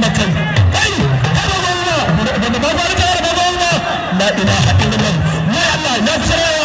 مكان أي أنا الله بابا أنا لا إله إلا الله لا لا لا